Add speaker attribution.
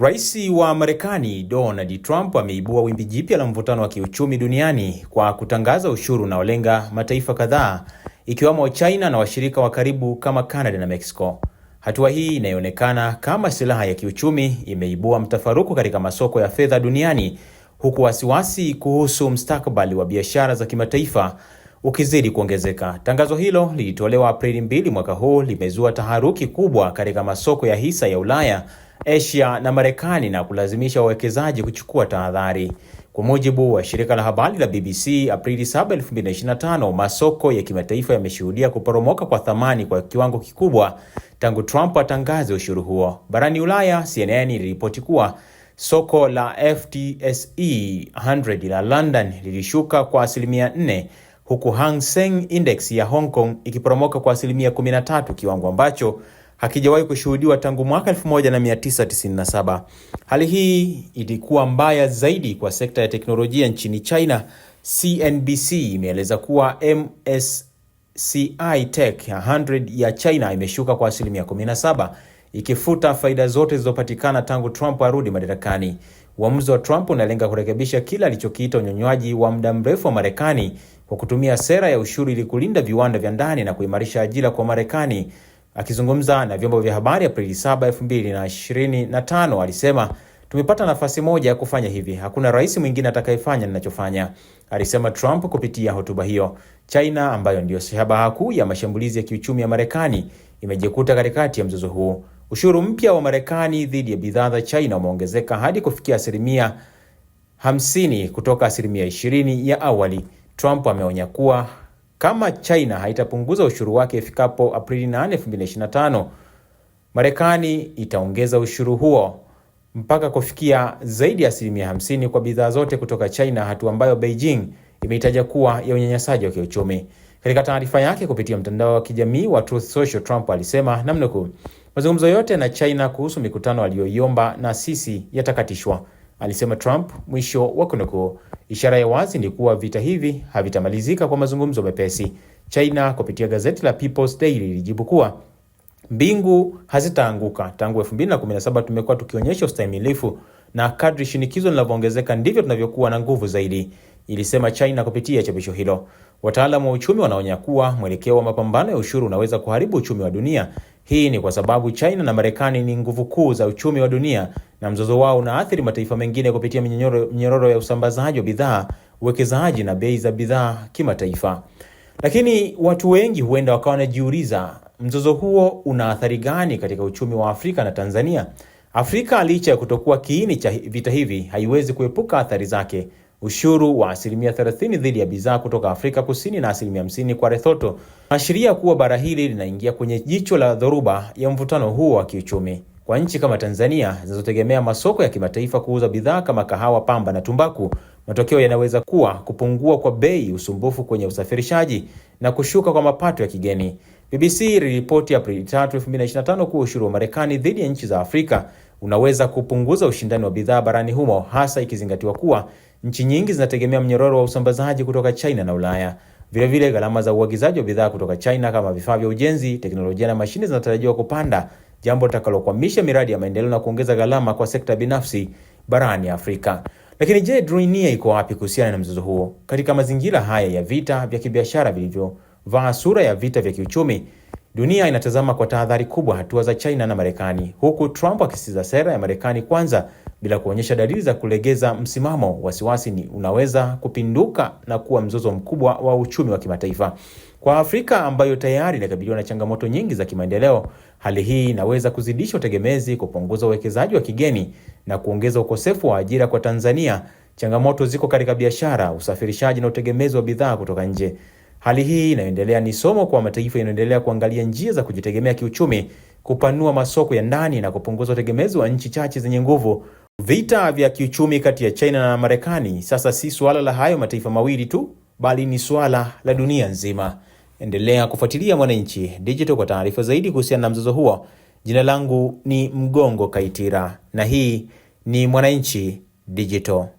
Speaker 1: Rais wa Marekani Donald Trump ameibua wimbi jipya la mvutano wa kiuchumi duniani kwa kutangaza ushuru unaolenga mataifa kadhaa ikiwemo China na washirika wa karibu kama Canada na Mexico. Hatua hii inayoonekana kama silaha ya kiuchumi imeibua mtafaruku katika masoko ya fedha duniani huku wasiwasi kuhusu mustakabali wa biashara za kimataifa ukizidi kuongezeka. Tangazo hilo lilitolewa Aprili 2 mwaka huu, limezua taharuki kubwa katika masoko ya hisa ya Ulaya Asia na Marekani na kulazimisha wawekezaji kuchukua tahadhari. Kwa mujibu wa shirika la habari la BBC, Aprili 7, 2025, masoko ya kimataifa yameshuhudia kuporomoka kwa thamani kwa kiwango kikubwa tangu Trump atangaze ushuru huo. Barani Ulaya, CNN iliripoti kuwa soko la FTSE 100 la London lilishuka kwa asilimia 4 huku Hang Seng Index ya Hong Kong ikiporomoka kwa asilimia 13, kiwango ambacho hakijawahi kushuhudiwa tangu mwaka 1997. Hali hii ilikuwa mbaya zaidi kwa sekta ya teknolojia nchini China. CNBC imeeleza kuwa MSCI Tech 100 ya China imeshuka kwa asilimia 17, ikifuta faida zote zilizopatikana tangu Trump arudi madarakani. Uamuzi wa Trump unalenga kurekebisha kile alichokiita unyonywaji wa muda mrefu wa Marekani kwa kutumia sera ya ushuru ili kulinda viwanda vya ndani na kuimarisha ajira kwa Marekani Akizungumza na vyombo vya habari Aprili 7, 2025 alisema tumepata nafasi moja ya kufanya hivi, hakuna rais mwingine atakayefanya ninachofanya, alisema Trump kupitia hotuba hiyo. China ambayo ndiyo shabaha kuu ya mashambulizi ya kiuchumi ya Marekani imejikuta katikati ya mzozo huu. Ushuru mpya wa Marekani dhidi ya bidhaa za China umeongezeka hadi kufikia asilimia 50 kutoka asilimia 20 ya awali. Trump ameonya kuwa kama China haitapunguza ushuru wake ifikapo Aprili 8, 2025, Marekani itaongeza ushuru huo mpaka kufikia zaidi ya asilimia 50 kwa bidhaa zote kutoka China, hatua ambayo Beijing imeitaja kuwa ya unyanyasaji wa kiuchumi. Katika taarifa yake kupitia mtandao wa kijamii wa Truth Social, Trump alisema namnukuu, mazungumzo yote na China kuhusu mikutano aliyoiomba na sisi yatakatishwa, alisema Trump, mwisho wa kunukuu. Ishara ya wazi ni kuwa vita hivi havitamalizika kwa mazungumzo mepesi. China kupitia gazeti la People's Daily ilijibu kuwa mbingu hazitaanguka. Tangu 2017 tumekuwa tukionyesha ustahimilifu na kadri shinikizo linavyoongezeka ndivyo tunavyokuwa na nguvu zaidi, ilisema China kupitia chapisho hilo. Wataalamu wa uchumi wanaonya kuwa mwelekeo wa mapambano ya ushuru unaweza kuharibu uchumi wa dunia hii ni kwa sababu China na Marekani ni nguvu kuu za uchumi wa dunia na mzozo wao unaathiri mataifa mengine kupitia minyororo ya usambazaji wa bidhaa, uwekezaji na bei za bidhaa kimataifa. Lakini watu wengi huenda wakawa wanajiuliza, mzozo huo una athari gani katika uchumi wa Afrika na Tanzania? Afrika licha ya kutokuwa kiini cha vita hivi, haiwezi kuepuka athari zake, ushuru wa asilimia 30 dhidi ya bidhaa kutoka Afrika Kusini na asilimia 50 kwa Lesotho, ashiria kuwa bara hili linaingia kwenye jicho la dhoruba ya mvutano huo wa kiuchumi. Kwa nchi kama Tanzania zinazotegemea masoko ya kimataifa kuuza bidhaa kama kahawa, pamba na tumbaku, matokeo yanaweza kuwa kupungua kwa bei, usumbufu kwenye usafirishaji na kushuka kwa mapato ya kigeni. BBC iliripoti Aprili 3, 2025 kuwa ushuru wa Marekani dhidi ya nchi za Afrika unaweza kupunguza ushindani wa bidhaa barani humo, hasa ikizingatiwa kuwa nchi nyingi zinategemea mnyororo wa usambazaji kutoka China na Ulaya. Vilevile, gharama za uagizaji wa bidhaa kutoka China kama vifaa vya ujenzi, teknolojia na mashine zinatarajiwa kupanda, jambo litakalokwamisha miradi ya maendeleo na kuongeza gharama kwa sekta binafsi barani Afrika. Lakini je, dunia iko wapi kuhusiana na mzozo huo? Katika mazingira haya ya vita vya kibiashara vilivyovaa sura ya vita vya kiuchumi, Dunia inatazama kwa tahadhari kubwa hatua za China na Marekani, huku Trump akisisitiza sera ya Marekani kwanza bila kuonyesha dalili za kulegeza msimamo. Wasiwasi ni unaweza kupinduka na kuwa mzozo mkubwa wa uchumi wa kimataifa. Kwa Afrika ambayo tayari inakabiliwa na changamoto nyingi za kimaendeleo, hali hii inaweza kuzidisha utegemezi, kupunguza uwekezaji wa kigeni na kuongeza ukosefu wa ajira kwa Tanzania. Changamoto ziko katika biashara, usafirishaji na utegemezi wa bidhaa kutoka nje. Hali hii inayoendelea ni somo kwa mataifa yanayoendelea kuangalia njia za kujitegemea kiuchumi, kupanua masoko ya ndani na kupunguza utegemezi wa nchi chache zenye nguvu. Vita vya kiuchumi kati ya China na Marekani sasa si suala la hayo mataifa mawili tu, bali ni suala la dunia nzima. Endelea kufuatilia Mwananchi Digital kwa taarifa zaidi kuhusiana na mzozo huo. Jina langu ni Mgongo Kaitira na hii ni Mwananchi Digital.